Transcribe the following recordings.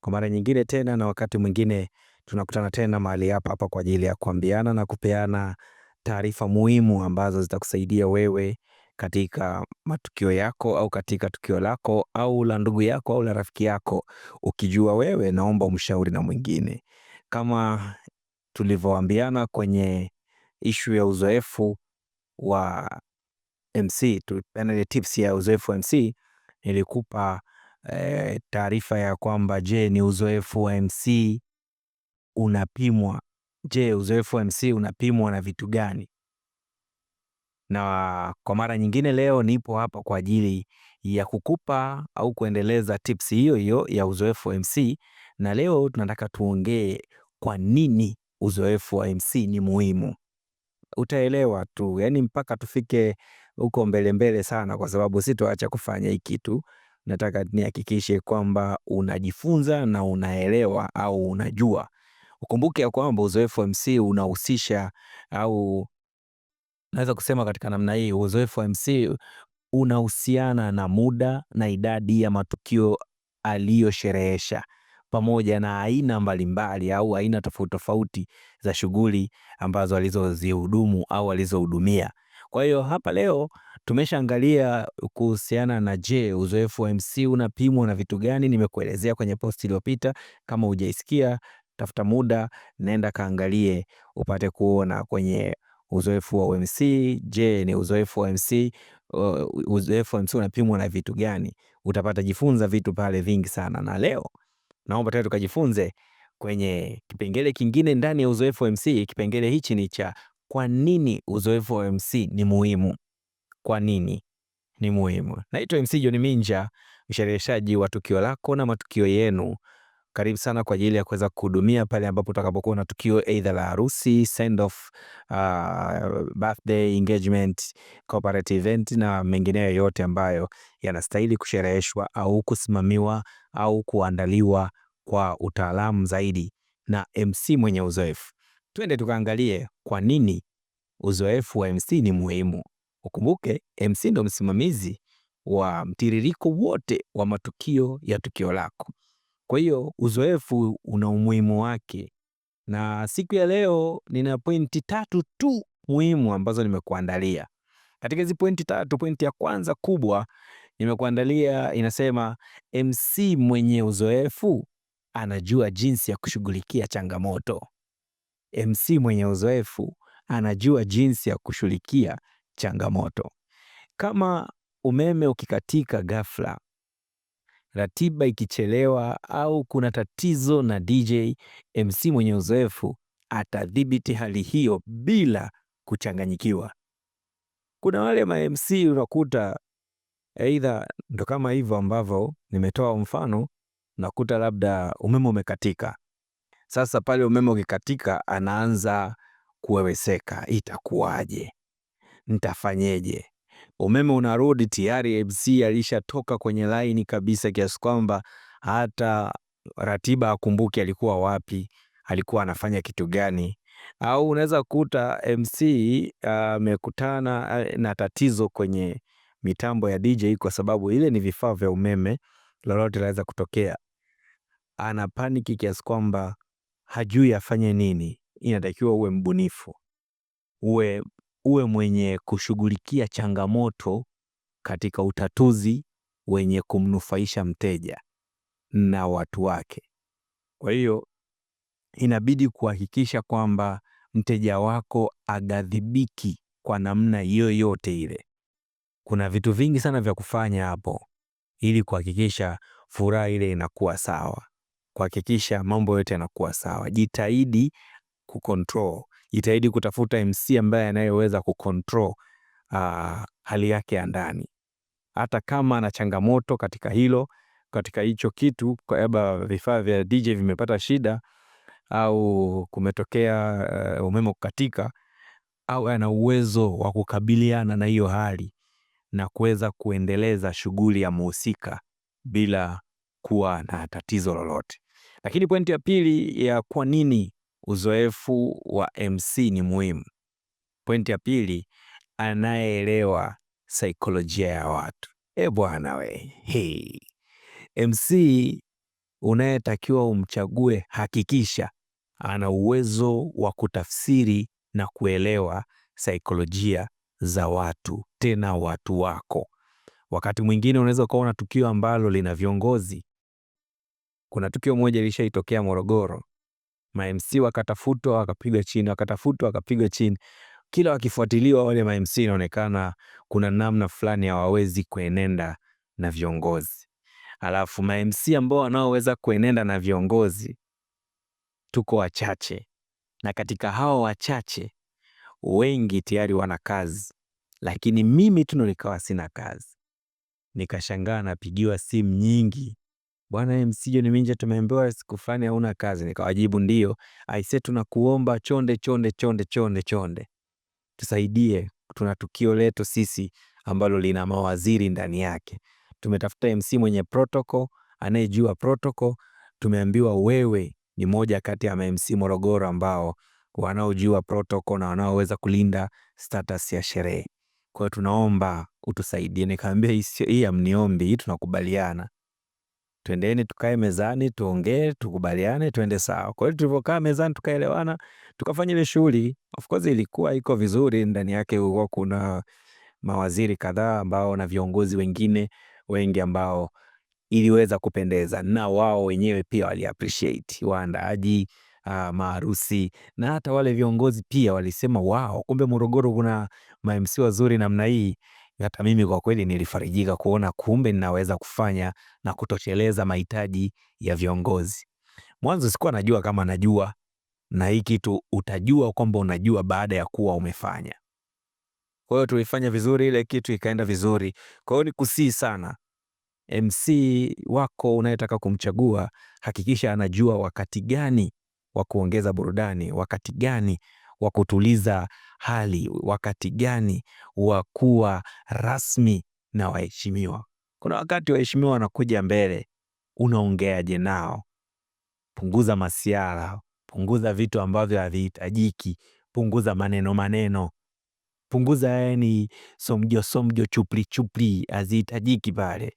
kwa mara nyingine tena, na wakati mwingine tunakutana tena mahali hapa hapa kwa ajili ya kuambiana na kupeana taarifa muhimu ambazo zitakusaidia wewe katika matukio yako au katika tukio lako au la ndugu yako au la rafiki yako. Ukijua wewe, naomba umshauri na mwingine, kama tulivyoambiana kwenye ishu ya uzoefu wa MC, tips ya uzoefu wa MC nilikupa e, taarifa ya kwamba je, ni uzoefu wa MC unapimwa, je, uzoefu wa MC unapimwa na vitu gani? Na kwa mara nyingine leo nipo hapa kwa ajili ya kukupa au kuendeleza tips hiyo hiyo ya uzoefu wa MC, na leo tunataka tuongee kwa nini uzoefu wa MC ni muhimu. Utaelewa tu, yani mpaka tufike huko mbele mbele sana, kwa sababu si tuacha kufanya hii kitu nataka nihakikishe kwamba unajifunza na unaelewa au unajua. Ukumbuke ya kwamba uzoefu wa MC unahusisha au naweza kusema katika namna hii, uzoefu wa MC unahusiana na muda na idadi ya matukio aliyosherehesha pamoja na aina mbalimbali au aina tofauti tofauti za shughuli ambazo alizozihudumu au alizohudumia. Kwa hiyo hapa leo Tumeshaangalia kuhusiana na je, uzoefu wa MC unapimwa na vitu gani? Nimekuelezea kwenye post iliyopita, kama hujaisikia tafuta muda, nenda kaangalie upate kuona kwenye uzoefu wa MC. Je, ni uzoefu wa MC, uh, uzoefu wa MC unapimwa na vitu gani? Utapata jifunza vitu pale vingi sana, na leo naomba tena tukajifunze kwenye kipengele kingine ndani ya uzoefu wa MC. Kipengele hichi ni cha kwa nini uzoefu wa MC ni muhimu kwa nini ni muhimu. Naitwa MC John Minja, mshereheshaji wa tukio lako na matukio yenu. Karibu sana kwa ajili ya kuweza kuhudumia pale ambapo utakapokuwa na tukio aidha la harusi, send off, uh, birthday, engagement, corporate event na mengineyo yote ambayo yanastahili kushereheshwa au kusimamiwa au kuandaliwa kwa utaalamu zaidi na MC mwenye uzoefu. Twende tukaangalie kwa nini uzoefu wa MC ni muhimu. Ukumbuke MC ndo msimamizi wa mtiririko wote wa matukio ya tukio lako. Kwa hiyo uzoefu una umuhimu wake, na siku ya leo nina pointi tatu tu muhimu ambazo nimekuandalia. Katika hizi pointi tatu, pointi ya kwanza kubwa nimekuandalia inasema, MC mwenye uzoefu anajua jinsi ya kushughulikia changamoto. MC mwenye uzoefu anajua jinsi ya kushughulikia changamoto. Kama umeme ukikatika ghafla, ratiba ikichelewa, au kuna tatizo na DJ, MC mwenye uzoefu atadhibiti hali hiyo bila kuchanganyikiwa. Kuna wale ma MC unakuta aidha ndo kama hivyo ambavyo nimetoa mfano, nakuta labda umeme umekatika. Sasa pale umeme ukikatika, anaanza kuweweseka, itakuwaje? nitafanyeje? Umeme unarudi tayari, MC alishatoka kwenye laini kabisa, kiasi kwamba hata ratiba akumbuki alikuwa wapi, alikuwa anafanya kitu gani. Au unaweza kuta MC ah, amekutana uh, na tatizo kwenye mitambo ya DJ, kwa sababu ile ni vifaa vya umeme, lolote laweza kutokea. Ana paniki kiasi kwamba hajui afanye nini. Inatakiwa uwe mbunifu, uwe uwe mwenye kushughulikia changamoto katika utatuzi wenye kumnufaisha mteja na watu wake. Kwa hiyo inabidi kuhakikisha kwamba mteja wako agadhibiki kwa namna yoyote ile. Kuna vitu vingi sana vya kufanya hapo ili kuhakikisha furaha ile inakuwa sawa, kuhakikisha mambo yote yanakuwa sawa. Jitahidi kucontrol jitahidi kutafuta MC ambaye anayeweza kucontrol uh, hali yake ya ndani, hata kama ana changamoto katika hilo, katika hicho kitu, kwamba vifaa vya DJ vimepata shida au kumetokea uh, umeme kukatika, au ana uwezo wa kukabiliana na hiyo hali na kuweza kuendeleza shughuli ya mhusika bila kuwa na tatizo lolote. Lakini pointi ya pili ya kwa nini uzoefu wa MC ni muhimu. Pointi ya pili, anayeelewa saikolojia ya watu. E bwana we, hey. MC unayetakiwa umchague, hakikisha ana uwezo wa kutafsiri na kuelewa saikolojia za watu, tena watu wako. Wakati mwingine unaweza ukaona tukio ambalo lina viongozi. Kuna tukio moja ilishaitokea Morogoro, ma MC wakatafutwa wakapigwa chini, wakatafutwa wakapigwa chini, kila wakifuatiliwa wale ma MC inaonekana kuna namna fulani hawawezi kuenenda na viongozi. Alafu ma MC ambao wanaoweza kuenenda na viongozi tuko wachache, na katika hao wachache wengi tayari wana kazi, lakini mimi tu ndo nikawa sina kazi. Nikashangaa napigiwa simu nyingi bwana MC John Minja, tumeambiwa siku fulani hauna kazi. Nikawajibu ndio. Aise, tunakuomba chonde chonde chonde chonde chonde, tusaidie, tuna tukio letu sisi ambalo lina mawaziri ndani yake. Tumetafuta MC mwenye protocol, anayejua protocol. Tumeambiwa wewe ni moja kati ya MC Morogoro ambao wanaojua protocol na wanaoweza kulinda status ya sherehe. Kwa hiyo tunaomba utusaidie. Nikamwambia hii amniombi, tunakubaliana. Twendeni tukae mezani tuongee, tukubaliane, twende sawa. Kwa hiyo tulivyokaa mezani tukaelewana, tukafanya ile shughuli. Of course ilikuwa iko vizuri, ndani yake kulikuwa kuna mawaziri kadhaa ambao na viongozi wengine wengi ambao iliweza kupendeza, na wao wenyewe pia wali appreciate waandaaji, uh, ah, maharusi na hata wale viongozi pia walisema wao, kumbe Morogoro kuna ma MC wazuri namna hii. Hata mimi kwa kweli nilifarijika kuona kumbe ninaweza kufanya na kutosheleza mahitaji ya viongozi. Mwanzo sikuwa najua kama najua, na hii kitu utajua kwamba unajua baada ya kuwa umefanya. Kwa hiyo tulifanya vizuri, ile kitu ikaenda vizuri. Kwa hiyo nikusihi sana MC wako unayetaka kumchagua, hakikisha anajua wakati gani wa kuongeza burudani, wakati gani wa kutuliza hali, wakati gani wa kuwa rasmi na waheshimiwa. Kuna wakati waheshimiwa wanakuja mbele, unaongeaje nao? Punguza masiara, punguza vitu ambavyo havihitajiki, punguza maneno maneno, punguza yani somjo somjo, chupli chupli, hazihitajiki pale.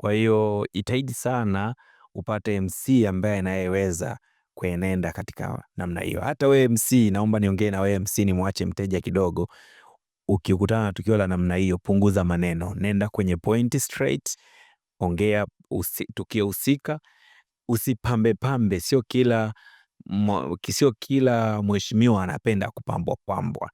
Kwa hiyo itaidi sana upate MC ambaye anayeweza kuenenda katika namna hiyo. Hata wewe MC, naomba niongee na wewe MC, nimwache mteja kidogo. Ukikutana na tukio la namna hiyo, punguza maneno, nenda kwenye point straight, ongea usi, tukio husika, usipambe pambe. Sio kila sio kila mheshimiwa anapenda kupambwa pambwa.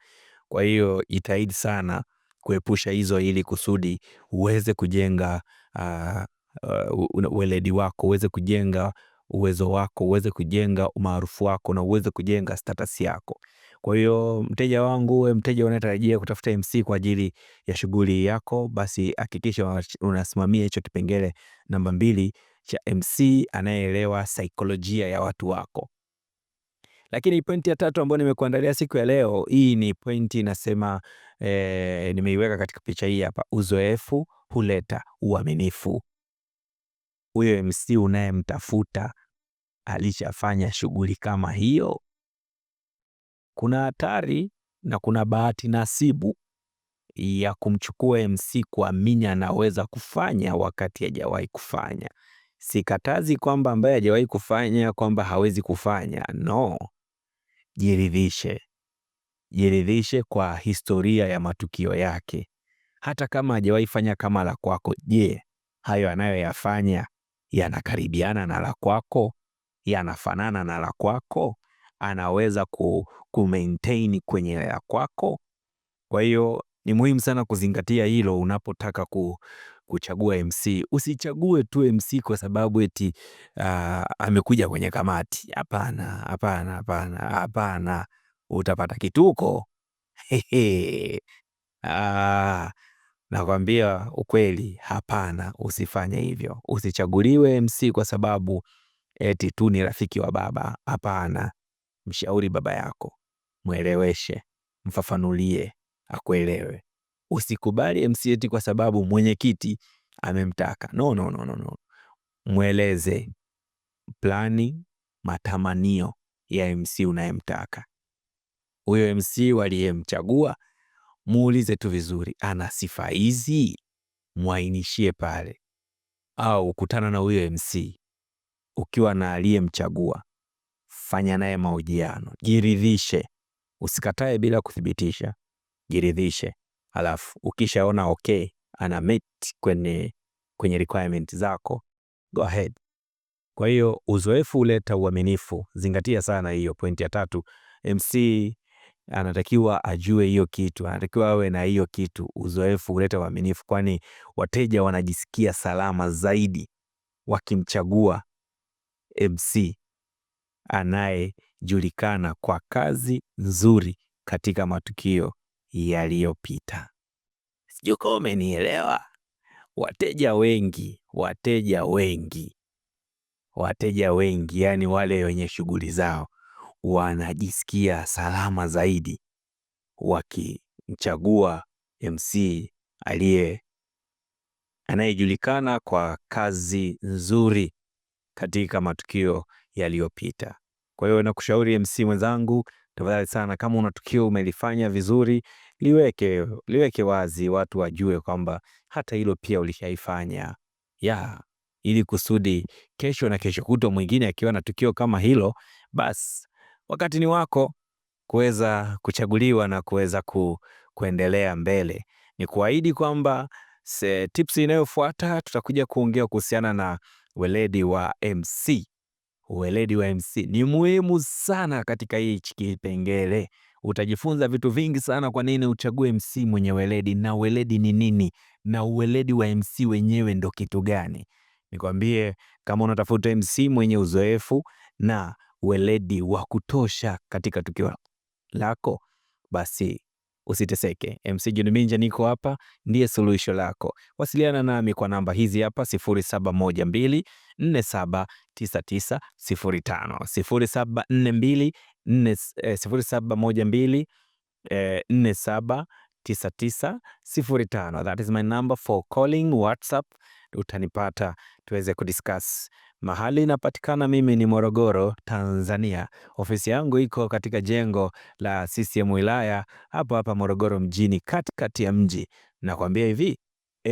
Kwa hiyo itaidi sana kuepusha hizo, ili kusudi uweze kujenga uh, ah, ah, uh, ueledi wako uweze kujenga uwezo wako, uweze kujenga umaarufu wako na uweze kujenga status yako. Kwa hiyo mteja wangu, we mteja unayetarajia kutafuta MC kwa ajili ya shughuli yako, basi hakikisha unasimamia hicho kipengele namba mbili cha MC anayeelewa saikolojia ya watu wako. Lakini pointi ya tatu ambayo nimekuandalia siku ya leo, hii ni pointi inasema eh, nimeiweka katika picha hii hapa: uzoefu huleta uaminifu huyo MC unayemtafuta alishafanya shughuli kama hiyo? Kuna hatari na kuna bahati nasibu ya kumchukua MC kuamini anaweza kufanya wakati hajawahi kufanya. Sikatazi kwamba ambaye hajawahi kufanya kwamba hawezi kufanya, no. Jiridhishe, jiridhishe kwa historia ya matukio yake. Hata kama hajawahi fanya kama la kwako, je, hayo anayoyafanya yanakaribiana na la kwako, yanafanana na la kwako, anaweza ku, ku maintain kwenye la kwako. Kwa hiyo ni muhimu sana kuzingatia hilo unapotaka ku, kuchagua MC. Usichague tu MC kwa sababu eti uh, amekuja kwenye kamati. Hapana, hapana, hapana, hapana, utapata kituko. Ah. Nakwambia ukweli, hapana, usifanye hivyo. Usichaguliwe MC kwa sababu eti tu ni rafiki wa baba. Hapana, mshauri baba yako, mweleweshe, mfafanulie akuelewe. Usikubali MC eti kwa sababu mwenyekiti amemtaka. No, no, no, no, no. Mweleze plani, matamanio ya MC unayemtaka, huyo MC waliyemchagua muulize tu vizuri, ana sifa hizi, mwainishie pale. Au kutana na huyo MC ukiwa na aliyemchagua, fanya naye mahojiano, jiridhishe, usikatae bila kuthibitisha, jiridhishe. Alafu ukishaona okay, ana meet kwenye, kwenye requirement zako, go ahead. Kwa hiyo uzoefu huleta uaminifu, zingatia sana hiyo pointi ya tatu. MC anatakiwa ajue hiyo kitu, anatakiwa awe na hiyo kitu. Uzoefu huleta uaminifu, kwani wateja wanajisikia salama zaidi wakimchagua MC anayejulikana kwa kazi nzuri katika matukio yaliyopita. Sijui kama umenielewa. Wateja wengi, wateja wengi, wateja wengi, yani wale wenye shughuli zao wanajisikia salama zaidi wakimchagua MC aliye anayejulikana kwa kazi nzuri katika matukio yaliyopita. Kwa hiyo nakushauri MC mwenzangu, tafadhali sana, kama una tukio umelifanya vizuri, liweke liweke wazi, watu wajue kwamba hata hilo pia ulishaifanya ya ili kusudi kesho na kesho kutwa mwingine akiwa na tukio kama hilo, basi wakati ni wako kuweza kuchaguliwa na kuweza ku, kuendelea mbele. Ni kuahidi kwamba tips inayofuata tutakuja kuongea kuhusiana na weledi wa MC. Weledi wa MC ni muhimu sana katika hichi kipengele. Utajifunza vitu vingi sana, kwa nini uchague MC mwenye weledi na weledi ni nini, na uweledi wa MC wenyewe ndo kitu gani. Nikwambie, kama unatafuta MC mwenye uzoefu na weledi wa kutosha katika tukio lako, basi usiteseke. MC John Minja niko hapa, ndiye suluhisho lako. Wasiliana nami kwa namba hizi hapa 0712 479905 0742 0712 47 9905. That is my number for calling WhatsApp, utanipata tuweze kudiscuss Mahali inapatikana mimi ni Morogoro, Tanzania. Ofisi yangu iko katika jengo la CCM wilaya hapo hapa Morogoro mjini, katikati ya mji. Nakwambia hivi,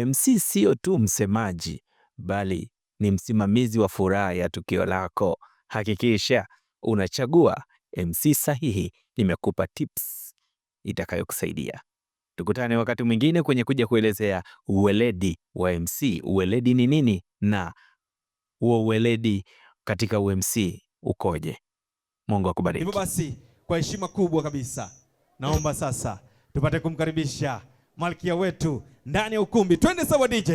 MC sio tu msemaji, bali ni msimamizi wa furaha ya tukio lako. Hakikisha unachagua MC sahihi. Nimekupa tips itakayokusaidia. Tukutane wakati mwingine kwenye kuja kuelezea uweledi wa MC. Uweledi ni nini na huo uweledi katika UMC ukoje? Mungu akubariki. Hivyo basi, kwa heshima kubwa kabisa, naomba sasa tupate kumkaribisha malkia wetu ndani ya ukumbi. Twende sawa DJ.